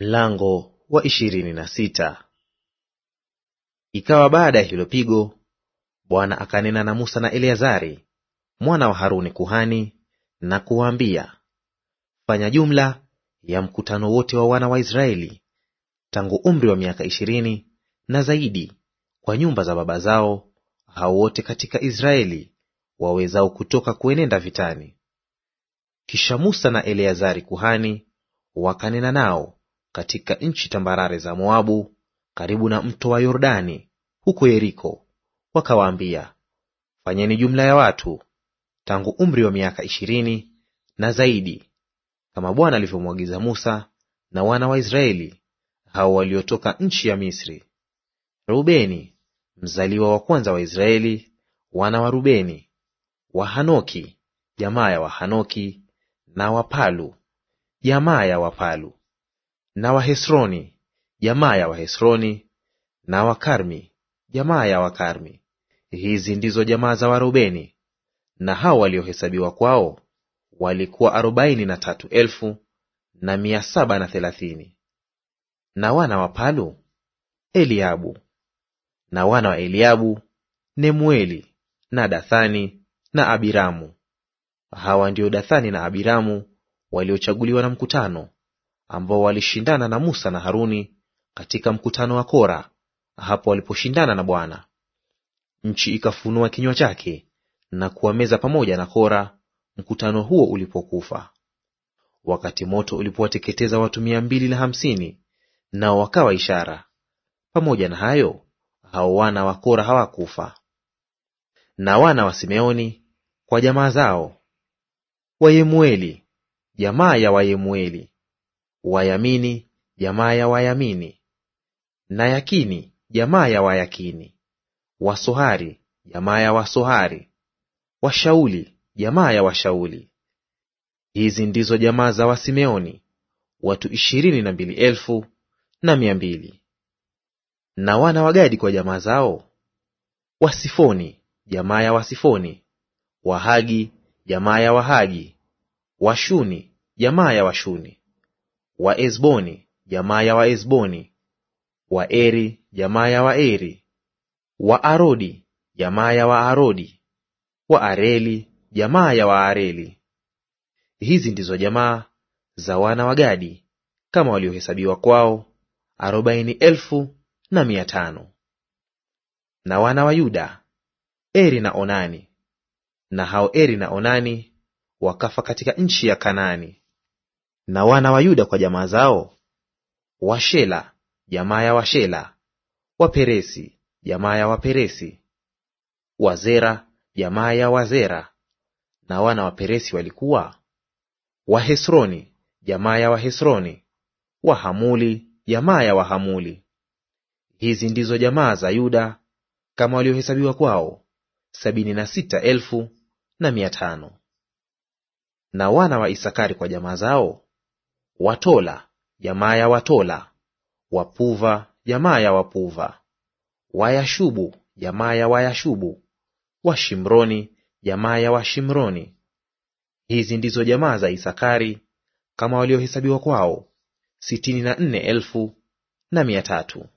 Mlango wa ishirini na sita. Ikawa baada ya hilo pigo, Bwana akanena na Musa na Eleazari mwana wa Haruni kuhani, na kuwaambia, fanya jumla ya mkutano wote wa wana wa Israeli tangu umri wa miaka ishirini na zaidi, kwa nyumba za baba zao, hao wote katika Israeli wawezao kutoka kuenenda vitani. Kisha Musa na Eleazari kuhani wakanena nao katika nchi tambarare za Moabu, karibu na mto wa Yordani, huko Yeriko. Wakawaambia, fanyeni jumla ya watu tangu umri wa miaka ishirini na zaidi, kama Bwana alivyomwagiza Musa na wana wa Israeli, hao waliotoka nchi ya Misri. rubeni mzaliwa wa kwanza wa Israeli, wana wa Rubeni, wa Hanoki jamaa ya Wahanoki, na Wapalu jamaa ya Wapalu na Wahesroni jamaa ya Wahesroni, na Wakarmi jamaa ya Wakarmi. Hizi ndizo jamaa za Warubeni, na hao waliohesabiwa kwao walikuwa arobaini na tatu elfu na mia saba na thelathini. Na wana wa Palu Eliabu, na wana wa Eliabu Nemueli na Dathani na Abiramu. Hawa ndio Dathani na Abiramu waliochaguliwa na mkutano ambao walishindana na Musa na Haruni katika mkutano wa Kora hapo waliposhindana na Bwana. Nchi ikafunua kinywa chake na kuwameza pamoja na Kora mkutano huo ulipokufa. Wakati moto ulipowateketeza watu mia mbili na hamsini, nao wakawa ishara. Pamoja na hayo, hao wana wa Kora hawakufa. Na wana wa Simeoni kwa jamaa zao, Wayemueli, jamaa ya Wayemueli, Wayamini jamaa ya Wayamini, na Yakini jamaa ya Wayakini, Wasohari jamaa ya Wasohari, Washauli jamaa ya Washauli. Hizi ndizo jamaa za Wasimeoni, watu ishirini na mbili elfu na mia mbili. Na wana wa Gadi kwa jamaa zao, Wasifoni jamaa ya Wasifoni, Wahagi jamaa ya Wahagi, Washuni jamaa ya Washuni. Waesboni jamaa ya Waesboni; Waeri jamaa ya Waeri; Waarodi jamaa ya Waarodi; Waareli jamaa ya Waareli. Hizi ndizo jamaa za wana wa Gadi kama waliohesabiwa kwao, arobaini elfu na mia tano. Na wana wa Yuda, Eri na Onani. Na hao Eri na Onani wakafa katika nchi ya Kanaani. Na wana wa Yuda kwa jamaa zao, Washela jamaa ya Washela, Waperesi jamaa ya Waperesi, Wazera jamaa ya Wazera. Na wana wa Peresi walikuwa Wahesroni jamaa ya Wahesroni, Wahamuli jamaa ya Wahamuli. Hizi ndizo jamaa za Yuda kama waliohesabiwa kwao, sabini na sita elfu na mia tano. Na wana wa Isakari kwa jamaa zao Watola jamaa ya Watola, Wapuva jamaa ya Wapuva, Wayashubu jamaa ya Wayashubu, Washimroni jamaa ya Washimroni. Hizi ndizo jamaa za Isakari kama waliohesabiwa kwao, sitini na nne elfu na mia tatu.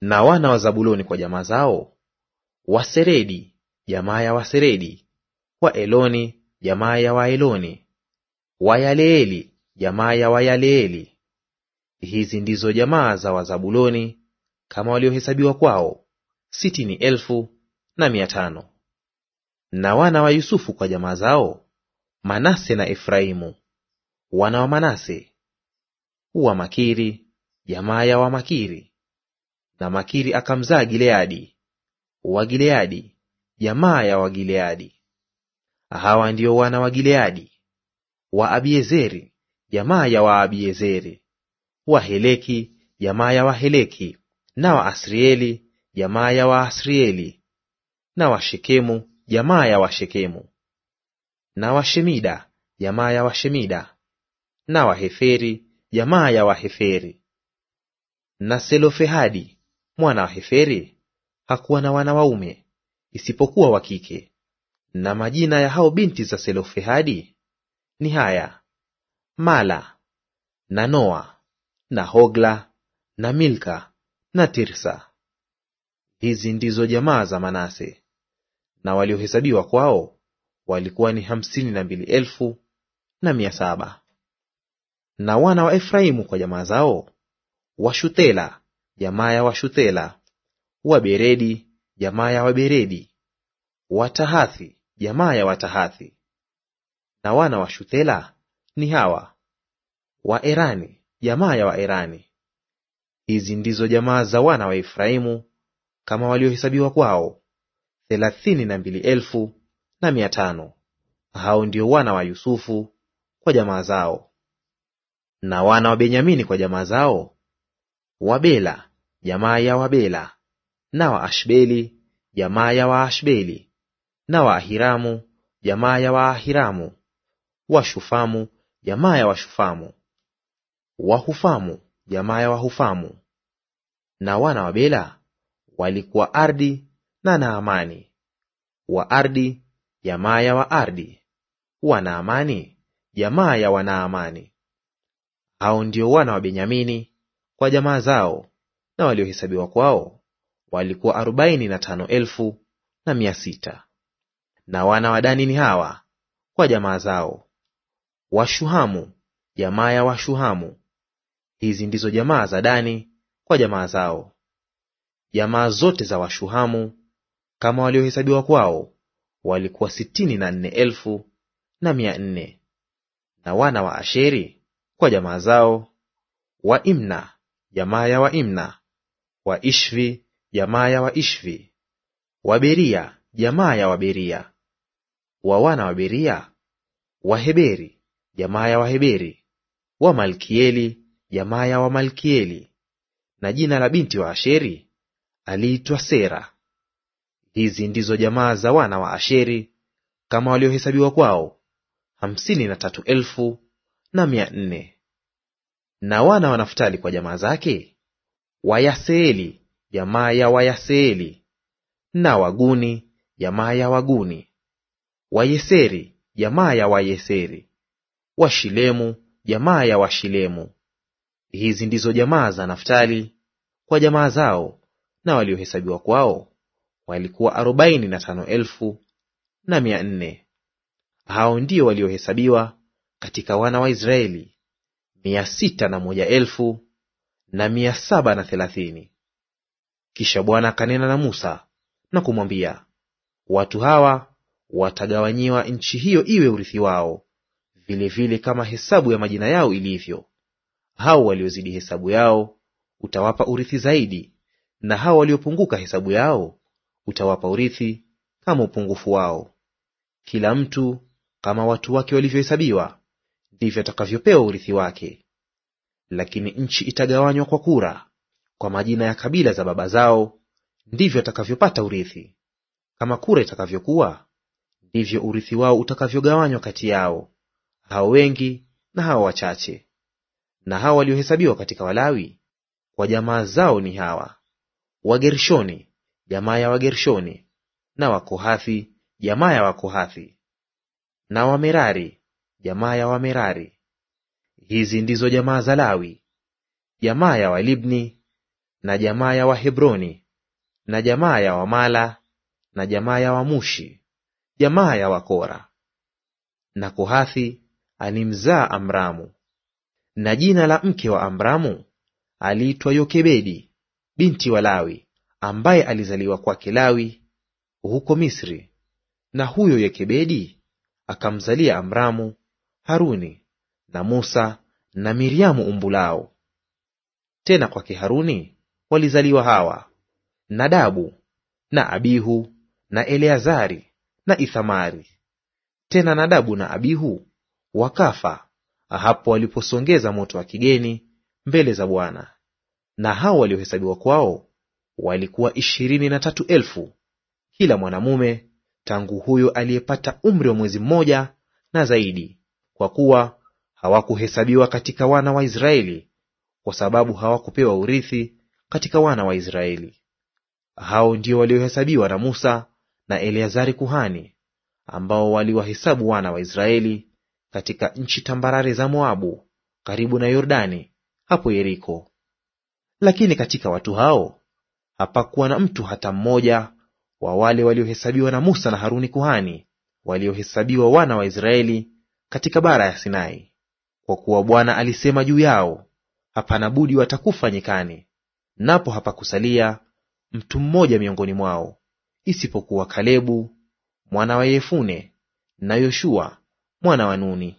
Na wana wa Zabuloni kwa jamaa zao, Waseredi jamaa ya Waseredi, Waeloni jamaa ya Waeloni, Wayaleeli, jamaa ya Wayaleeli. Hizi ndizo jamaa za Wazabuloni kama waliohesabiwa kwao, sitini elfu na mia tano. Na wana wa Yusufu kwa jamaa zao, Manase na Efraimu. Wana wa Manase, Wamakiri, jamaa ya Wamakiri. Na Makiri akamzaa Gileadi, Wagileadi, jamaa ya Wagileadi. Hawa ndio wana wa Gileadi wa Abiezeri jamaa ya Waabiezeri; Waheleki jamaa ya Waheleki; na Waasrieli jamaa ya Waasrieli; na Washekemu jamaa ya Washekemu; na Washemida jamaa ya Washemida; na Waheferi jamaa ya Waheferi. Na Selofehadi mwana wa Heferi hakuwa na wana waume isipokuwa wa kike. Na majina ya hao binti za Selofehadi ni haya: Mala na Noa na Hogla na Milka na Tirsa. Hizi ndizo jamaa za Manase, na waliohesabiwa kwao walikuwa ni hamsini na mbili elfu na mia saba. Na wana wa Efraimu kwa jamaa zao, Washutela jamaa ya Washutela, Waberedi jamaa ya Waberedi, Watahathi jamaa ya Watahathi, na wana wa Shuthela ni hawa: Waerani, jamaa ya Waerani. Hizi ndizo jamaa za wana wa Efraimu kama waliohesabiwa kwao, thelathini na mbili elfu na mia tano. Hao ndio wana wa Yusufu kwa jamaa zao. Na wana wa Benyamini kwa jamaa zao, Wabela jamaa ya Wabela, na Waashbeli jamaa ya Waashbeli, na Waahiramu jamaa ya Waahiramu, Washufamu jamaa ya Washufamu; Wahufamu jamaa ya Wahufamu. Na wana wa Bela walikuwa Ardi na Naamani. Waardi jamaa ya Waardi; Wanaamani jamaa ya Wanaamani. Hao ndio wana wa Benyamini kwa jamaa zao, na waliohesabiwa kwao walikuwa arobaini na tano elfu na mia sita. Na wana wa Dani ni hawa kwa jamaa zao Washuhamu, jamaa ya Washuhamu. Hizi ndizo jamaa za Dani kwa jamaa zao. Jamaa zote za Washuhamu kama waliohesabiwa kwao walikuwa sitini na nne elfu na mia nne. Na wana wa Asheri kwa jamaa zao, Waimna jamaa ya Waimna, Waishvi jamaa ya Waishvi, Waberia jamaa ya Waberia. Wa wana wa Beria, Heberi jamaa ya Waheberi; Wamalkieli, jamaa ya Wamalkieli. Na jina la binti wa Asheri aliitwa Sera. Hizi ndizo jamaa za wana wa Asheri kama waliohesabiwa kwao, hamsini na tatu elfu na mia nne. Na wana wa Naftali kwa jamaa zake, Wayaseeli jamaa ya Wayaseeli, na Waguni jamaa ya Waguni, Wayeseri jamaa ya Wayeseri, Washilemu jamaa ya Washilemu. Hizi ndizo jamaa za Naftali kwa jamaa zao, na waliohesabiwa kwao walikuwa arobaini na tano elfu na mia nne. Hao ndio waliohesabiwa katika wana wa Israeli mia sita na moja elfu na mia saba na thelathini. Kisha Bwana akanena na Musa na kumwambia, watu hawa watagawanyiwa nchi hiyo iwe urithi wao vile vile kama hesabu ya majina yao ilivyo. Hao waliozidi hesabu yao utawapa urithi zaidi, na hao waliopunguka hesabu yao utawapa urithi kama upungufu wao. Kila mtu kama watu wake walivyohesabiwa, ndivyo atakavyopewa urithi wake. Lakini nchi itagawanywa kwa kura, kwa majina ya kabila za baba zao, ndivyo atakavyopata urithi. Kama kura itakavyokuwa, ndivyo urithi wao utakavyogawanywa kati yao hao wengi na hao wachache. Na hao waliohesabiwa katika Walawi kwa jamaa zao ni hawa: Wagershoni, jamaa ya Wagershoni, na Wakohathi, jamaa ya Wakohathi, na Wamerari, jamaa ya Wamerari. Hizi ndizo jamaa za Lawi: jamaa ya Walibni na jamaa ya Wahebroni na jamaa ya Wamala na jamaa ya Wamushi, jamaa ya Wakora. Na Kohathi alimzaa Amramu. Na jina la mke wa Amramu aliitwa Yokebedi binti wa Lawi, ambaye alizaliwa kwake Lawi huko Misri. Na huyo Yokebedi akamzalia Amramu Haruni na Musa na Miriamu umbulao. Tena kwake Haruni walizaliwa hawa Nadabu na Abihu na Eleazari na Ithamari. Tena Nadabu na Abihu wakafa hapo waliposongeza moto wa kigeni mbele za Bwana. Na hao waliohesabiwa kwao walikuwa ishirini na tatu elfu, kila mwanamume tangu huyo aliyepata umri wa mwezi mmoja na zaidi, kwa kuwa hawakuhesabiwa katika wana wa Israeli, kwa sababu hawakupewa urithi katika wana wa Israeli. Hao ndio waliohesabiwa na Musa na Eleazari kuhani, ambao waliwahesabu wana wa Israeli katika nchi tambarare za Moabu karibu na Yordani hapo Yeriko. Lakini katika watu hao hapakuwa na mtu hata mmoja wa wale waliohesabiwa na Musa na Haruni kuhani, waliohesabiwa wana wa Israeli katika bara ya Sinai, kwa kuwa Bwana alisema juu yao, hapana budi watakufa nyikani, napo hapakusalia mtu mmoja miongoni mwao, isipokuwa Kalebu mwana wa Yefune na Yoshua mwana wa Nuni.